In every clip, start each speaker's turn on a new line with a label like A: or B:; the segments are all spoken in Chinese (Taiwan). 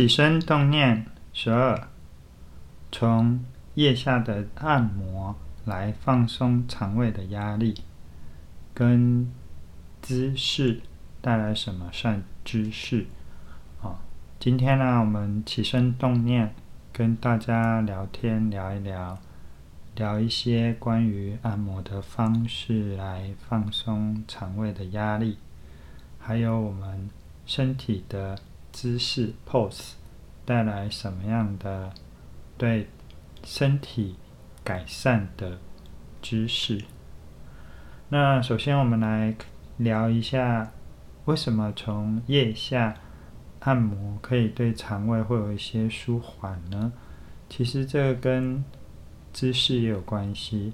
A: 起身動念，十二，從腋下的按摩來放鬆腸胃的壓力，跟姿勢帶來什麼善知識？啊，今天呢，我們起身動念，跟大家聊天，聊一聊，聊一些關於按摩的方式，來放鬆腸胃的壓力，還有我們身體的。姿勢 （pose） 帶來什麼樣的對身體改善的姿勢？那首先，我們來聊一下為什麼從腋下按摩可以對腸胃會有一些舒緩呢？其實，這個跟姿勢也有關係。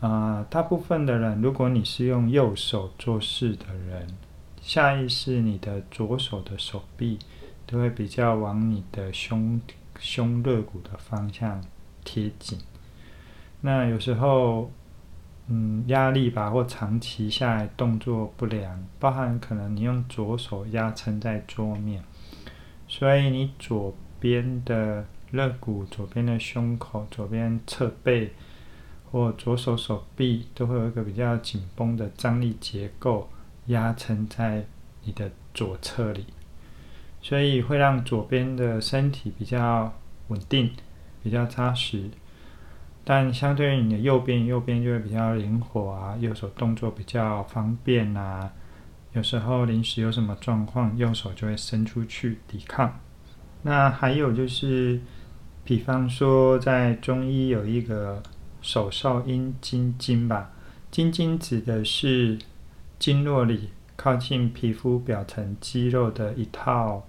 A: 啊、呃，大部分的人，如果你是用右手做事的人。下意識，你的左手的手臂都會比較往你的胸胸肋骨的方向貼緊。那有時候，嗯，壓力吧，或長期下來動作不良，包含可能你用左手壓撐在桌面，所以你左邊的肋骨、左邊的胸口、左邊側背或左手手臂都會有一個比較緊繃的張力結構。壓撐在你的左側裡，所以會讓左邊的身體比較穩定、比較紮實。但相對於你的右邊，右邊就會比較靈活啊，右手動作比較方便吶、啊。有時候臨時有什麼狀況，右手就會伸出去抵抗。那還有就是，比方說在中醫有一個手少陰經筋吧，經筋指的是。經絡裡靠近皮膚表層肌肉的一套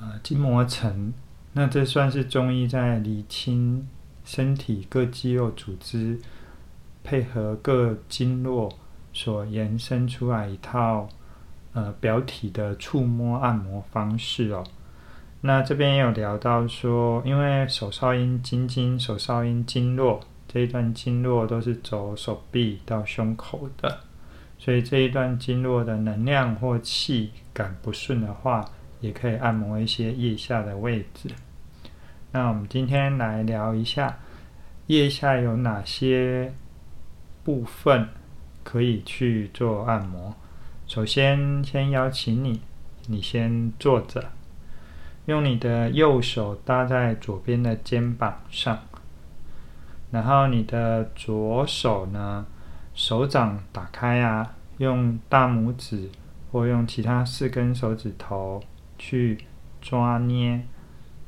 A: 呃筋膜層，那這算是中醫在理清身體各肌肉組織配合各經絡所延伸出來一套呃表體的觸摸按摩方式哦。那這邊有聊到說，因為手少陰經筋，筋手少陰經絡這一段經絡都是走手臂到胸口的。所以這一段經絡的能量或氣感不順的話，也可以按摩一些腋下的位置。那我們今天來聊一下腋下有哪些部分可以去做按摩。首先，先邀請你，你先坐着，用你的右手搭在左邊的肩膀上，然後你的左手呢？手掌打開啊，用大拇指或用其他四根手指頭去抓捏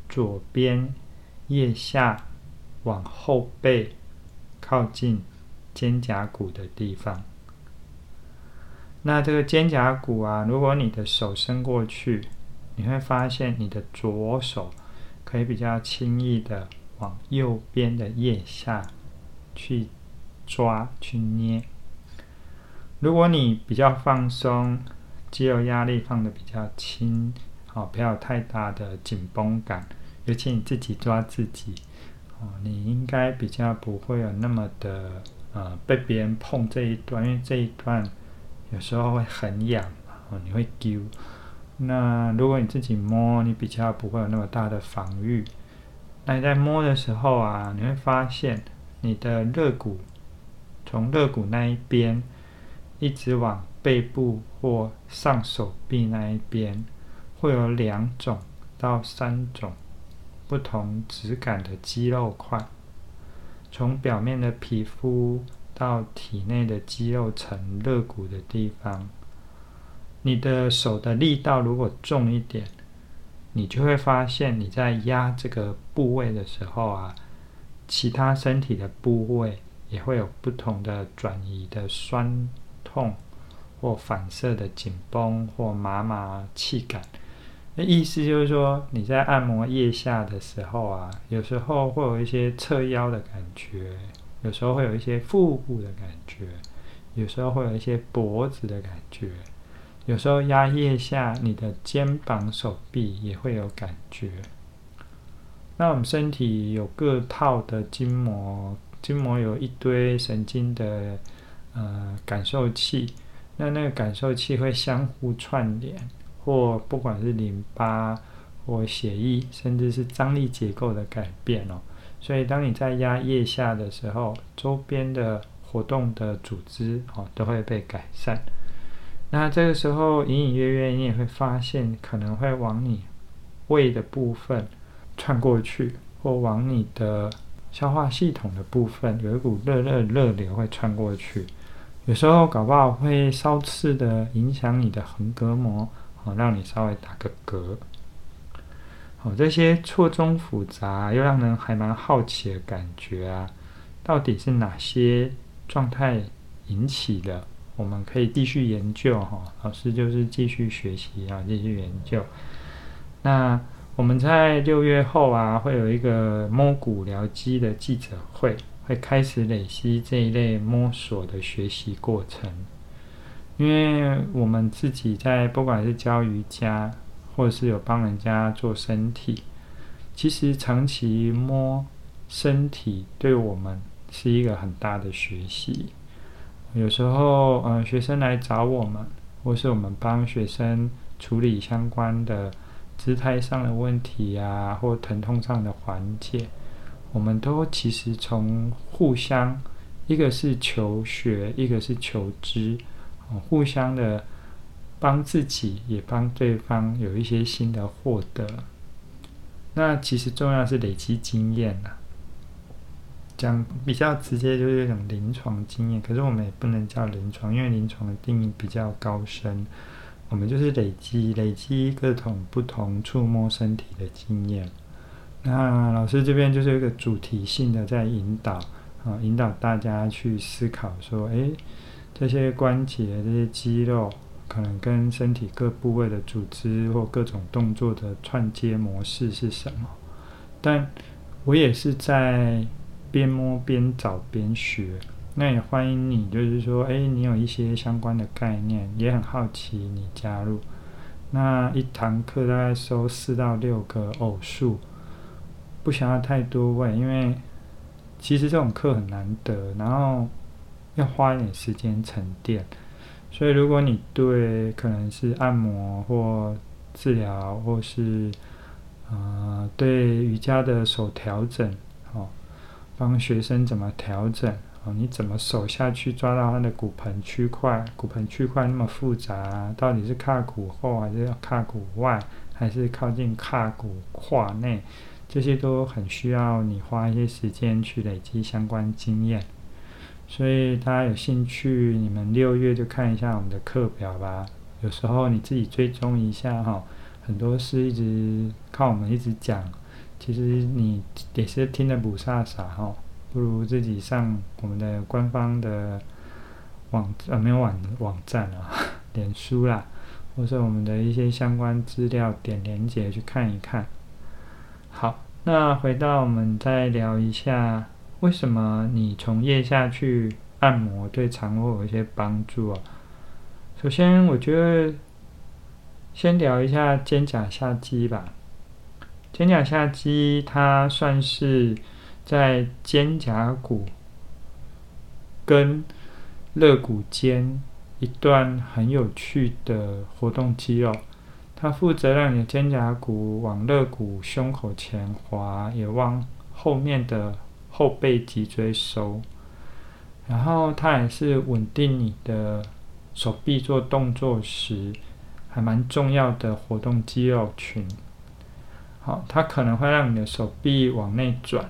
A: 左邊腋下往後背靠近肩胛骨的地方。那這個肩胛骨啊，如果你的手伸過去，你會發現你的左手可以比較輕易的往右邊的腋下去。抓去捏，如果你比較放鬆，肌肉壓力放的比較輕，哦，不要太大的緊繃感，尤其你自己抓自己，哦，你應該比較不會有那麼的呃被別人碰這一段，因為這一段有時候會很癢，哦，你會丟。那如果你自己摸，你比較不會有那麼大的防禦。那你在摸的時候啊，你會發現你的肋骨。從肋骨那一邊，一直往背部或上手臂那一邊，會有兩種到三種不同質感的肌肉塊。從表面的皮膚到體內的肌肉層，肋骨的地方，你的手的力道如果重一點，你就會發現你在壓這個部位的時候啊，其他身體的部位。也會有不同的轉移的酸痛，或反射的緊繃，或麻麻氣感。那意思就是說，你在按摩腋下的時候啊，有時候會有一些側腰的感覺，有時候會有一些腹部的感覺，有時候會有一些脖子的感覺，有時候，有有時候壓腋下，你的肩膀、手臂也會有感覺。那我們身體有各套的筋膜。筋膜有一堆神經的呃感受器，那那個感受器會相互串聯，或不管是淋巴或血液，甚至是張力結構的改變哦。所以當你在壓腋下的時候，周邊的活動的組織哦都會被改善。那這個時候隱隱約約你也會發現，可能會往你胃的部分串過去，或往你的。消化系統的部分有一股熱熱的熱流會穿過去，有時候搞不好會稍次的影響你的橫膈膜，好、哦、讓你稍微打個嗝。好、哦，這些錯綜複雜又讓人還蠻好奇的感覺啊，到底是哪些狀態引起的？我們可以繼續研究哈、哦，老師就是繼續學習啊，繼續研究。那。我們在六月後啊，會有一個摸骨療肌的記者會，會開始累積這一類摸索的學習過程。因為我們自己在不管是教瑜伽，或者是有幫人家做身體，其實長期摸身體對我們是一個很大的學習。有時候，嗯、呃，學生來找我們，或是我們幫學生處理相關的。姿態上的問題啊，或疼痛上的緩解，我們都其實從互相，一個是求學，一個是求知，互相的幫自己，也幫對方有一些新的獲得。那其實重要是累積經驗啦、啊。講比較直接就是一種臨床經驗，可是我們也不能叫臨床，因為臨床的定義比較高深。我們就是累積累積各種不同觸摸身體的經驗。那老師這邊就是一個主題性的在引導啊、呃，引導大家去思考說，誒，這些關節、這些肌肉，可能跟身體各部位的組織或各種動作的串接模式是什麼？但我也是在邊摸邊找邊學。那也歡迎你，就是說，哎，你有一些相關的概念，也很好奇你加入。那一堂課大概收四到六個偶數，不想要太多位，因為其實這種課很難得，然後要花一點時間沉澱，所以如果你對可能是按摩或治療，或是呃對瑜伽的手調整，哦，幫學生怎麼調整？你怎麼手下去抓到它的骨盆區塊？骨盆區塊那麼複雜啊，到底是胯骨後還是要胯骨外，還是靠近胯骨胯內？這些都很需要你花一些時間去累積相關經驗。所以大家有興趣，你們六月就看一下我們的課表吧。有時候你自己追蹤一下哈，很多事一直靠我們一直講，其實你也是聽得不差啥哈。不如自己上我們的官方的網、啊、沒有網網站啊，臉書啦，或是我們的一些相關資料，點連結去看一看。好，那回到我們再聊一下，為什麼你從腋下去按摩對腸胃有一些幫助啊。首先，我覺得先聊一下肩胛下肌吧。肩胛下肌它算是。在肩胛骨跟肋骨間一段很有趣的活動肌肉，它負責讓你的肩胛骨往肋骨、胸口前滑，也往後面的後背脊椎收。然後它也是穩定你的手臂做動作時還蠻重要的活動肌肉群。好，它可能會讓你的手臂往內轉。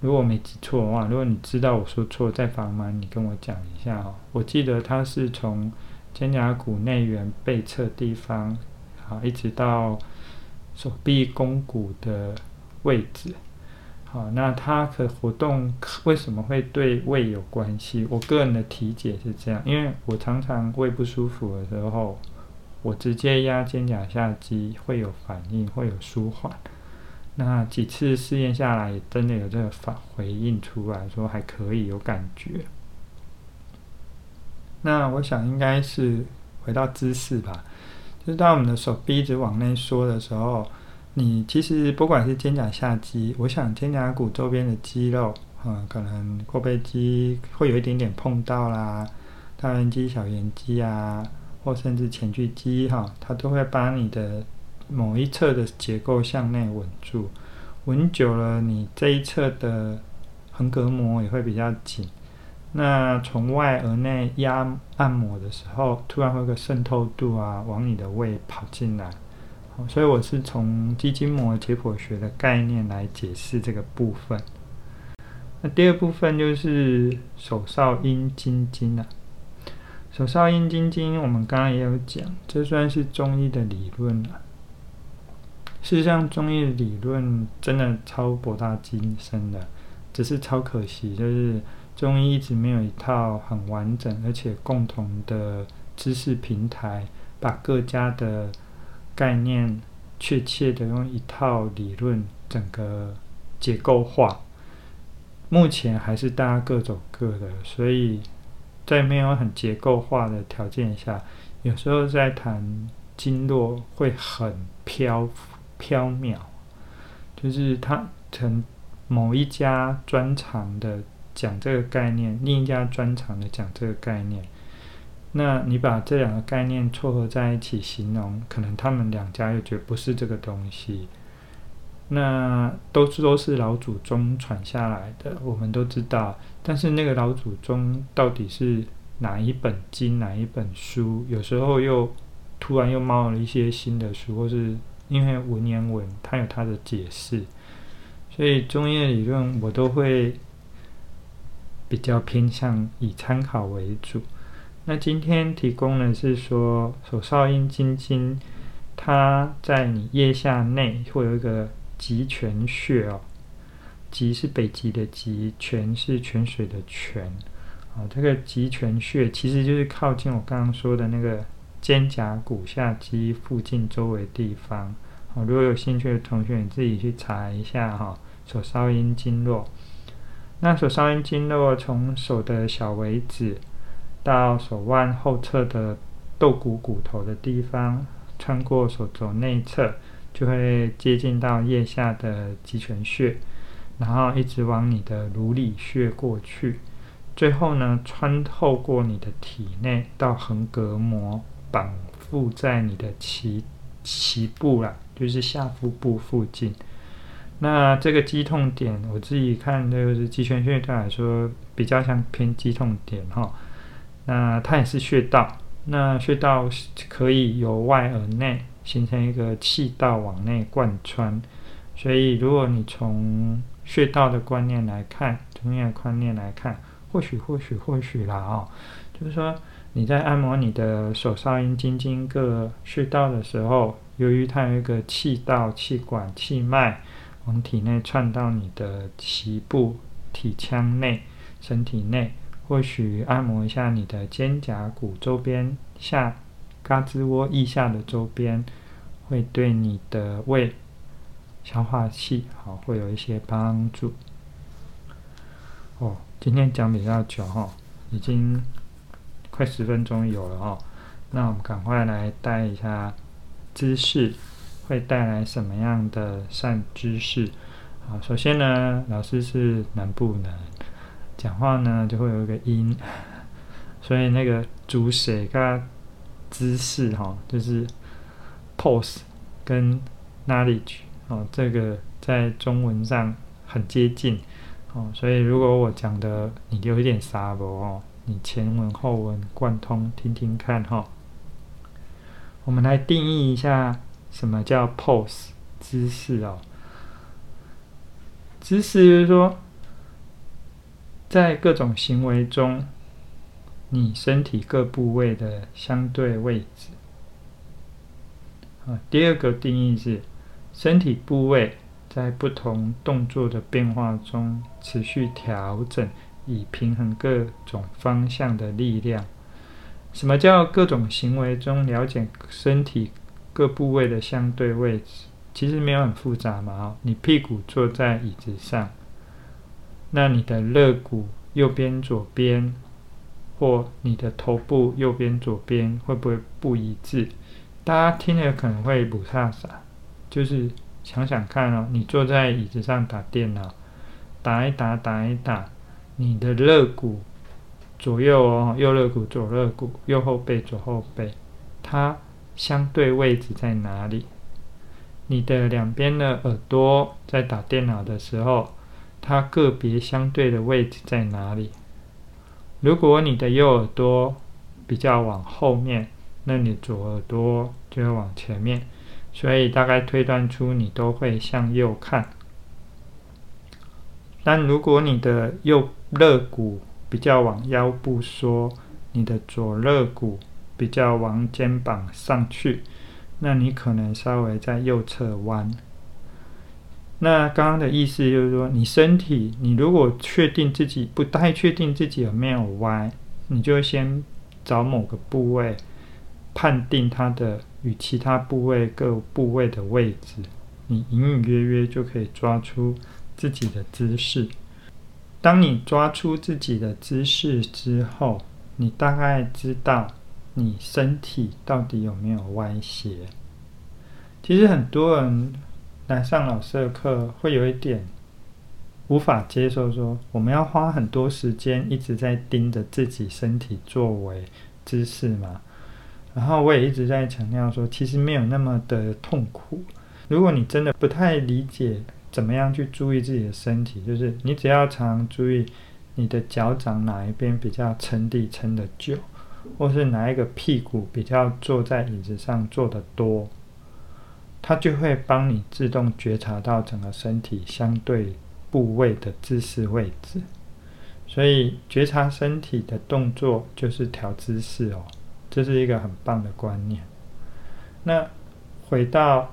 A: 如果我沒記錯的話，如果你知道我說錯再發嗎？你跟我講一下哦。我記得它是從肩胛骨內緣背側地方，好，一直到手臂肱骨的位置。好，那它可活動，為什麼會對胃有關係？我個人的體解是這樣，因為我常常胃不舒服的時候，我直接壓肩胛下肌會有反應，會有舒緩。那幾次試驗下來，真的有這個反回應出來說還可以有感覺。那我想應該是回到姿勢吧，就是當我們的手臂一直往內縮的時候，你其實不管是肩胛下肌，我想肩胛骨周邊的肌肉，嗯，可能後背肌會有一點點碰到啦，大圓肌、小圓肌啊，或甚至前鋸肌哈，它都會把你的。某一側的結構向內穩住，穩久了，你這一側的橫膈膜也會比較緊。那從外而內壓按摩的時候，突然會有個滲透度啊，往你的胃跑進來。所以我是從肌筋膜解剖學的概念來解釋這個部分。那第二部分就是手少陰經筋了。手少陰經筋，我們剛剛也有講，這算是中醫的理論了啊。事實上，中醫理論真的超博大精深的，只是超可惜，就是中醫一直沒有一套很完整而且共同的知識平台，把各家的概念確切的用一套理論整個結構化。目前還是大家各走各的，所以在沒有很結構化的條件下，有時候在談經絡會很飄縹緲，就是他從某一家專長的講這個概念，另一家專長的講這個概念，那你把這兩個概念湊合在一起形容，可能他們兩家又覺得不是這個東西。那都是都是老祖宗傳下來的，我們都知道。但是那個老祖宗到底是哪一本經、哪一本書？有時候又突然又冒了一些新的書，或是。因為文言文它有它的解釋，所以中醫的理論我都會比較偏向以參考為主。那今天提供的是說手少陰經筋，它在你腋下內會有一個極泉穴哦。極是北極的極，泉是泉水的泉。啊、哦，這個極泉穴其實就是靠近我剛剛說的那個。肩胛骨下肌附近周圍的地方，好，如果有興趣的同學，你自己去查一下哈，手少陰經絡。那手少陰經絡從手的小尾指到手腕後側的豆骨骨頭的地方，穿過手肘內側，就會接近到腋下的極泉穴，然後一直往你的乳里穴過去，最後呢，穿透過你的體內到橫膈膜。綁縛在你的臍臍部啦，就是下腹部附近。那這個激痛點，我自己看就是極泉穴道來說，比較像偏激痛點哈。那它也是穴道，那穴道可以由外而內形成一個氣道往內貫穿。所以，如果你從穴道的觀念來看，中醫的觀念來看，或許或許或許啦啊，就是說。你在按摩你的手少陰經筋各穴道的時候，由於它有一個氣道、氣管、氣脈，往體內串到你的臍部、體腔內、身體內，或許按摩一下你的肩胛骨周邊、下胳肢窩腋下的周邊，會對你的胃、消化器好，哦，會有一些幫助。哦，今天講比較久哈，已經。快十分鐘有了哦，那我們趕快來帶一下姿勢，會帶來什麼樣的善知識。啊，首先呢，老師是能不能講話呢，就會有一個音，所以那個主寫嘎姿勢哈，就是 pose 跟 knowledge 哦，這個在中文上很接近哦，所以如果我講的你有一點傻哦。你前文後文貫通聽聽看哈、哦。我們來定義一下什麼叫 pose 姿勢哦。姿勢就是說，在各種行為中，你身體各部位的相對位置。第二個定義是身體部位在不同動作的變化中持續調整，以平衡各種方向的力量。什麼叫各種行為中了解身體各部位的相對位置？其實沒有很複雜嘛、哦。你屁股坐在椅子上，那你的肋骨右邊、左邊，或你的頭部右邊、左邊，會不會不一致？大家聽了可能會不差傻，就是想想看哦，你坐在椅子上打電腦，打一打，打一打。你的肋骨左右哦，右肋骨、左肋骨、右後背、左後背，它相對位置在哪裡？你的兩邊的耳朵在打電腦的時候，它個別相對的位置在哪裡？如果你的右耳朵比較往後面，那你左耳朵就會往前面，所以大概推斷出你都會向右看。但如果你的右肋骨比較往腰部縮，你的左肋骨比較往肩膀上去，那你可能稍微在右側彎。那剛剛的意思就是說，你身體，你如果確定自己不太確定自己有沒有歪，你就先找某個部位判定它的與其他部位各部位的位置，你隱隱約約就可以抓出自己的姿勢。當你抓出自己的姿勢之後，你大概知道你身體到底有沒有歪斜。其實很多人來上老師的課，會有一點無法接受說，說我們要花很多時間一直在盯着自己身體作為姿勢嘛。然後我也一直在強調說，其實沒有那麼的痛苦。如果你真的不太理解，怎麼樣去注意自己的身體？就是你只要常常注意你的腳掌哪一邊比較撐地撐得久，或是哪一個屁股比較坐在椅子上坐得多，它就會幫你自動覺察到整個身體相對部位的姿勢位置。所以覺察身體的動作就是調姿勢哦，這是一個很棒的觀念。那回到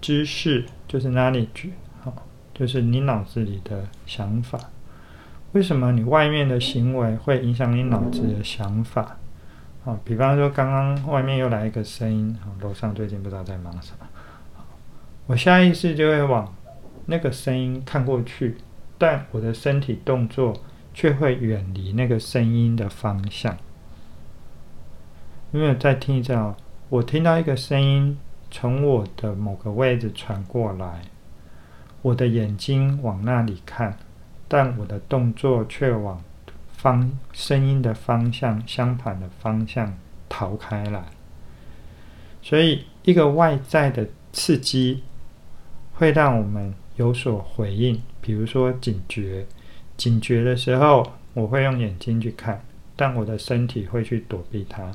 A: 知識就是 knowledge。好，就是你腦子裡的想法。為什麼你外面的行為會影響你腦子的想法？好，比方說，剛剛外面又來一個聲音，樓上最近不知道在忙什麼。我下意識就會往那個聲音看過去，但我的身體動作卻會遠離那個聲音的方向。有沒有再聽一下、哦？我聽到一個聲音從我的某個位置傳過來。我的眼睛往那裡看，但我的動作卻往方聲音的方向相反的方向逃開了。所以，一個外在的刺激會讓我們有所回應，比如說警覺。警覺的時候，我會用眼睛去看，但我的身體會去躲避它。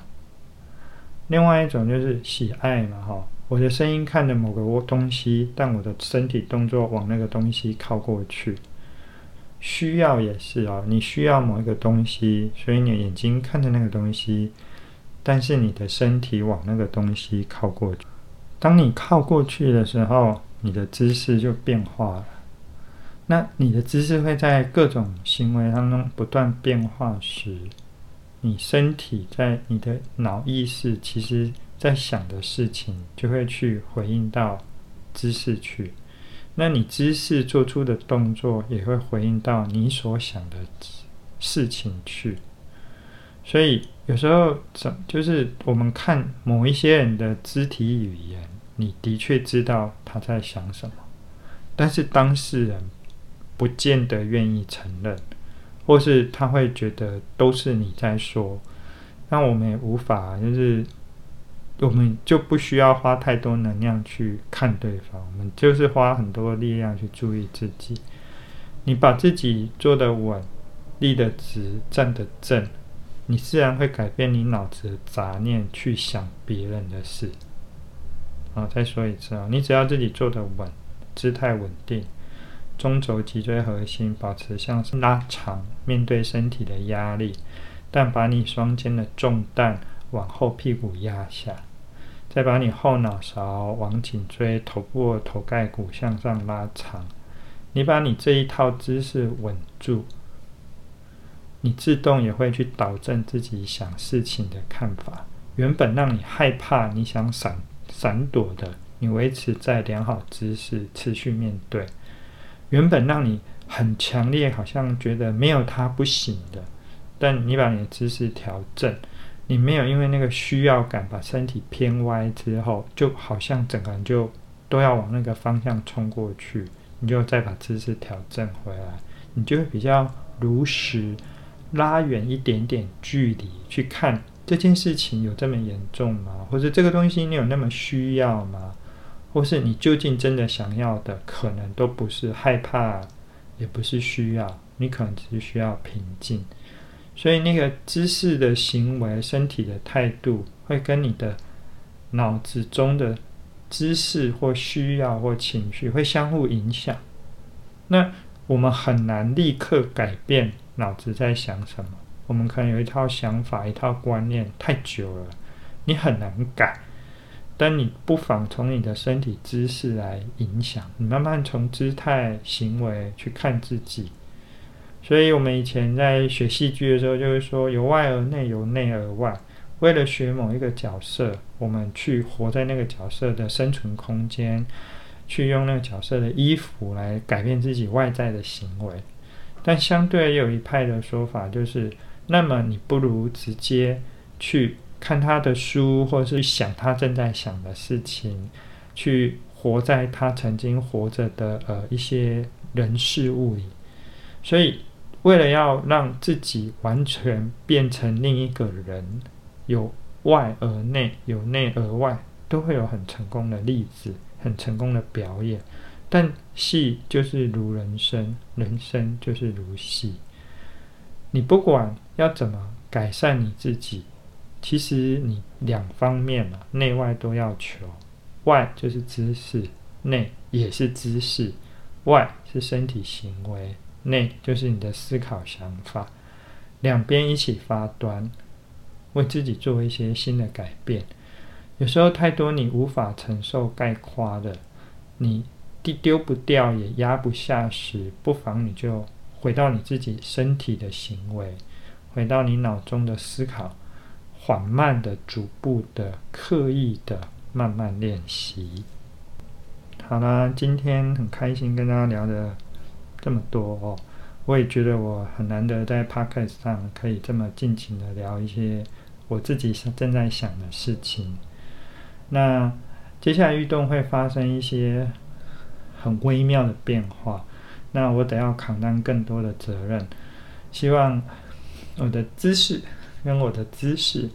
A: 另外一種就是喜愛嘛，哈。我的聲音看着某個東西，但我的身體動作往那個東西靠過去。需要也是啊，你需要某一個東西，所以你的眼睛看着那個東西，但是你的身體往那個東西靠過去。當你靠過去的時候，你的姿勢就變化了。那你的姿勢會在各種行為當中不斷變化時，你身體在你的腦意識其實。在想的事情，就會去回應到姿勢去。那你姿勢做出的動作，也會回應到你所想的事情去。所以有時候，怎就是我們看某一些人的肢體語言，你的確知道他在想什麼，但是當事人不見得願意承認，或是他會覺得都是你在說。那我們也無法就是。我們就不需要花太多能量去看對方，我們就是花很多力量去注意自己。你把自己做得穩、立得直、站得正，你自然會改變你腦子的雜念去想別人的事。好，再說一次啊、哦，你只要自己做得穩，姿態穩定，中軸脊椎核心保持向上拉長，面對身體的壓力，但把你雙肩的重擔往後屁股壓下。再把你後腦勺往頸椎、頭部、頭蓋骨向上拉長，你把你這一套姿勢穩住，你自動也會去導正自己想事情的看法。原本讓你害怕、你想閃閃躲的，你維持在良好姿勢，持續面對；原本讓你很強烈，好像覺得沒有他不行的，但你把你的姿勢調整。你沒有因為那個需要感把身體偏歪之後，就好像整個人就都要往那個方向衝過去，你就再把姿勢調整回來，你就會比較如實拉遠一點點距離去看這件事情有這麼嚴重嗎？或者這個東西你有那麼需要嗎？或是你究竟真的想要的可能都不是害怕，也不是需要，你可能只是需要平靜。所以，那個姿勢的行為、身體的態度，會跟你的腦子中的知識或需要或情緒會相互影響。那我們很難立刻改變腦子在想什麼，我們可能有一套想法、一套觀念太久了，你很難改。但你不妨從你的身體姿勢來影響，你慢慢從姿態行為去看自己。所以，我們以前在學戲劇的時候，就是說由外而內，由內而外。為了學某一個角色，我們去活在那個角色的生存空間，去用那個角色的衣服來改變自己外在的行為。但相對有一派的說法，就是那麼你不如直接去看他的書，或者是想他正在想的事情，去活在他曾經活着的呃一些人事物裡。所以。為了要讓自己完全變成另一個人，由外而內，由內而外，都會有很成功的例子，很成功的表演。但戲就是如人生，人生就是如戲。你不管要怎麼改善你自己，其實你兩方面嘛，內外都要求。外就是姿勢，內也是姿勢；外是身體行為，那就是你的思考想法，兩邊一起發端，為自己做一些新的改變。有時候太多你無法承受概括的，你丟不掉也壓不下時，不妨你就回到你自己身體的行為，回到你腦中的思考，緩慢的、逐步的、刻意的、慢慢練習。好啦，今天很開心跟大家聊的。這麼多哦，我也覺得我很難得在 podcast 上可以這麼盡情的聊一些我自己正在想的事情。那接下來運動會發生一些很微妙的變化，那我得要扛擔更多的責任。希望我的知識跟我的知識，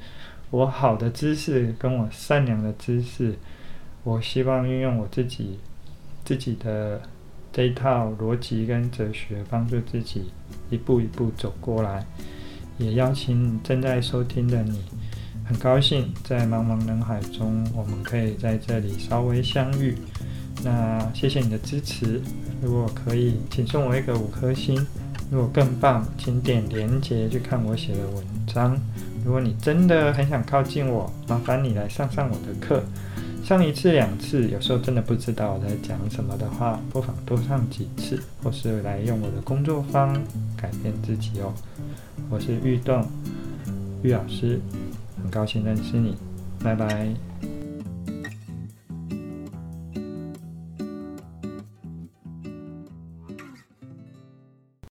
A: 我好的知識跟我善良的知識，我希望運用我自己自己的。這一套邏輯跟哲學幫助自己一步一步走過來，也邀請正在收聽的你，很高興在茫茫人海中，我們可以在這裡稍微相遇。那謝謝你的支持，如果可以，請送我一個五顆星。如果更棒，請點連結去看我寫的文章。如果你真的很想靠近我，麻煩你來上上我的課。上一次、兩次，有時候真的不知道我在講什麼的話，不妨多上幾次，或是來用我的工作坊改變自己哦。我是玉棟玉老師，很高興認識你，拜拜。